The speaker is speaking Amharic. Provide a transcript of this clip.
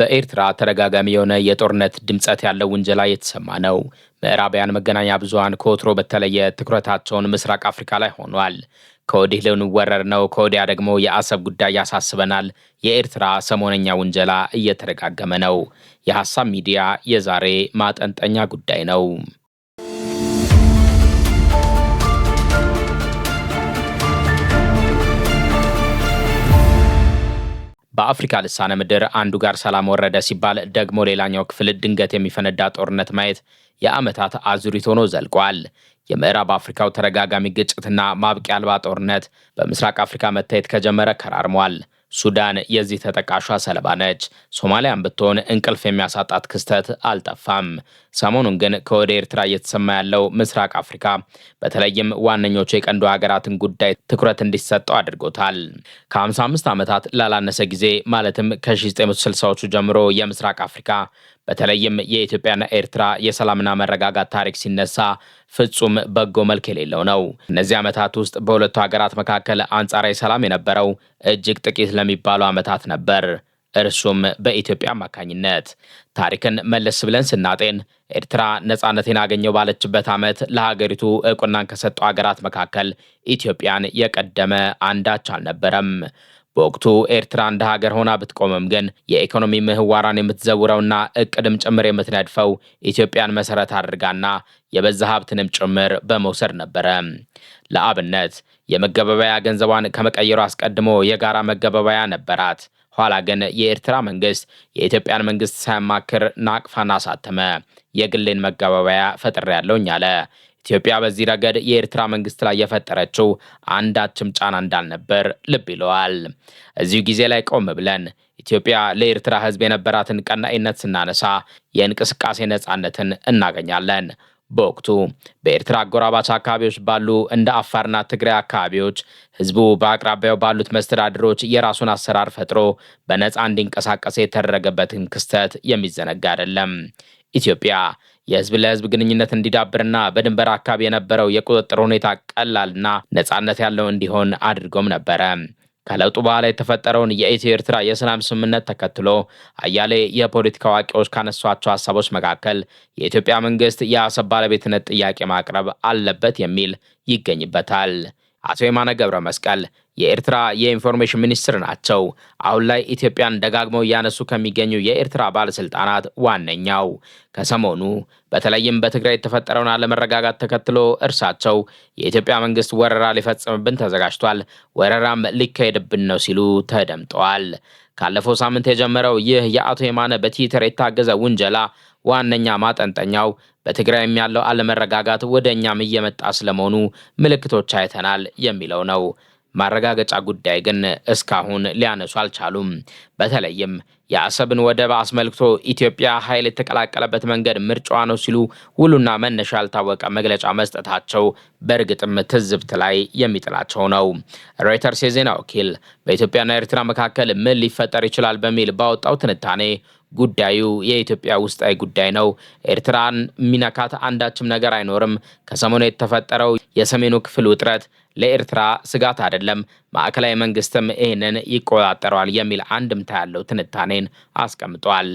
በኤርትራ ተደጋጋሚ የሆነ የጦርነት ድምጸት ያለው ውንጀላ የተሰማ ነው። ምዕራብያን መገናኛ ብዙሃን ከወትሮ በተለየ ትኩረታቸውን ምስራቅ አፍሪካ ላይ ሆኗል። ከወዲህ ልንወረር ነው፣ ከወዲያ ደግሞ የአሰብ ጉዳይ ያሳስበናል። የኤርትራ ሰሞነኛ ውንጀላ እየተደጋገመ ነው። የሀሳብ ሚዲያ የዛሬ ማጠንጠኛ ጉዳይ ነው። በአፍሪካ ልሳነ ምድር አንዱ ጋር ሰላም ወረደ ሲባል ደግሞ ሌላኛው ክፍል ድንገት የሚፈነዳ ጦርነት ማየት የዓመታት አዙሪት ሆኖ ዘልቋል። የምዕራብ አፍሪካው ተደጋጋሚ ግጭትና ማብቂያ አልባ ጦርነት በምስራቅ አፍሪካ መታየት ከጀመረ ከራርሟል። ሱዳን የዚህ ተጠቃሿ ሰለባ ነች። ሶማሊያን ብትሆን እንቅልፍ የሚያሳጣት ክስተት አልጠፋም። ሰሞኑን ግን ከወደ ኤርትራ እየተሰማ ያለው ምስራቅ አፍሪካ በተለይም ዋነኞቹ የቀንዱ ሀገራትን ጉዳይ ትኩረት እንዲሰጠው አድርጎታል። ከ55 ዓመታት ላላነሰ ጊዜ ማለትም ከ1960ዎቹ ጀምሮ የምስራቅ አፍሪካ በተለይም የኢትዮጵያና ኤርትራ የሰላምና መረጋጋት ታሪክ ሲነሳ ፍጹም በጎ መልክ የሌለው ነው። እነዚህ ዓመታት ውስጥ በሁለቱ ሀገራት መካከል አንጻራዊ ሰላም የነበረው እጅግ ጥቂት ለሚባሉ ዓመታት ነበር። እርሱም በኢትዮጵያ አማካኝነት። ታሪክን መለስ ብለን ስናጤን ኤርትራ ነፃነቴን አገኘው ባለችበት ዓመት ለሀገሪቱ እቁናን ከሰጡ ሀገራት መካከል ኢትዮጵያን የቀደመ አንዳች አልነበረም። በወቅቱ ኤርትራ እንደ ሀገር ሆና ብትቆምም ግን የኢኮኖሚ ምህዋራን የምትዘውረውና እቅድም ጭምር የምትነድፈው ኢትዮጵያን መሰረት አድርጋና የበዛ ሀብትንም ጭምር በመውሰድ ነበረ። ለአብነት የመገበባያ ገንዘቧን ከመቀየሩ አስቀድሞ የጋራ መገበባያ ነበራት። ኋላ ግን የኤርትራ መንግስት የኢትዮጵያን መንግስት ሳያማክር ናቅፋና አሳተመ። የግሌን መገበባያ ፈጥሬያለሁኝ አለ። ኢትዮጵያ በዚህ ረገድ የኤርትራ መንግስት ላይ የፈጠረችው አንዳችም ጫና እንዳልነበር ልብ ይለዋል። እዚሁ ጊዜ ላይ ቆም ብለን ኢትዮጵያ ለኤርትራ ሕዝብ የነበራትን ቀናኢነት ስናነሳ የእንቅስቃሴ ነፃነትን እናገኛለን። በወቅቱ በኤርትራ አጎራባች አካባቢዎች ባሉ እንደ አፋርና ትግራይ አካባቢዎች ህዝቡ በአቅራቢያው ባሉት መስተዳድሮች የራሱን አሰራር ፈጥሮ በነፃ እንዲንቀሳቀስ የተደረገበትን ክስተት የሚዘነጋ አይደለም። ኢትዮጵያ የህዝብ ለህዝብ ግንኙነት እንዲዳብርና በድንበር አካባቢ የነበረው የቁጥጥር ሁኔታ ቀላልና ነጻነት ያለው እንዲሆን አድርጎም ነበረ። ከለውጡ በኋላ የተፈጠረውን የኢትዮ ኤርትራ የሰላም ስምምነት ተከትሎ አያሌ የፖለቲካ አዋቂዎች ካነሷቸው ሀሳቦች መካከል የኢትዮጵያ መንግስት የአሰብ ባለቤትነት ጥያቄ ማቅረብ አለበት የሚል ይገኝበታል። አቶ የማነ ገብረ መስቀል የኤርትራ የኢንፎርሜሽን ሚኒስትር ናቸው። አሁን ላይ ኢትዮጵያን ደጋግመው እያነሱ ከሚገኙ የኤርትራ ባለስልጣናት ዋነኛው። ከሰሞኑ በተለይም በትግራይ የተፈጠረውን አለመረጋጋት ተከትሎ እርሳቸው የኢትዮጵያ መንግስት ወረራ ሊፈጽምብን ተዘጋጅቷል፣ ወረራም ሊካሄድብን ነው ሲሉ ተደምጠዋል። ካለፈው ሳምንት የጀመረው ይህ የአቶ የማነ በትዊተር የታገዘ ውንጀላ ዋነኛ ማጠንጠኛው በትግራይም ያለው አለመረጋጋት ወደ እኛም እየመጣ ስለመሆኑ ምልክቶች አይተናል የሚለው ነው። ማረጋገጫ ጉዳይ ግን እስካሁን ሊያነሱ አልቻሉም። በተለይም የአሰብን ወደብ አስመልክቶ ኢትዮጵያ ኃይል የተቀላቀለበት መንገድ ምርጫዋ ነው ሲሉ ውሉና መነሻ ያልታወቀ መግለጫ መስጠታቸው በእርግጥም ትዝብት ላይ የሚጥላቸው ነው። ሮይተርስ የዜና ወኪል በኢትዮጵያና ኤርትራ መካከል ምን ሊፈጠር ይችላል በሚል ባወጣው ትንታኔ ጉዳዩ የኢትዮጵያ ውስጣዊ ጉዳይ ነው። ኤርትራን የሚነካት አንዳችም ነገር አይኖርም። ከሰሞኑ የተፈጠረው የሰሜኑ ክፍል ውጥረት ለኤርትራ ስጋት አይደለም፣ ማዕከላዊ መንግስትም ይህንን ይቆጣጠረዋል የሚል አንድምታ ያለው ትንታኔን አስቀምጧል።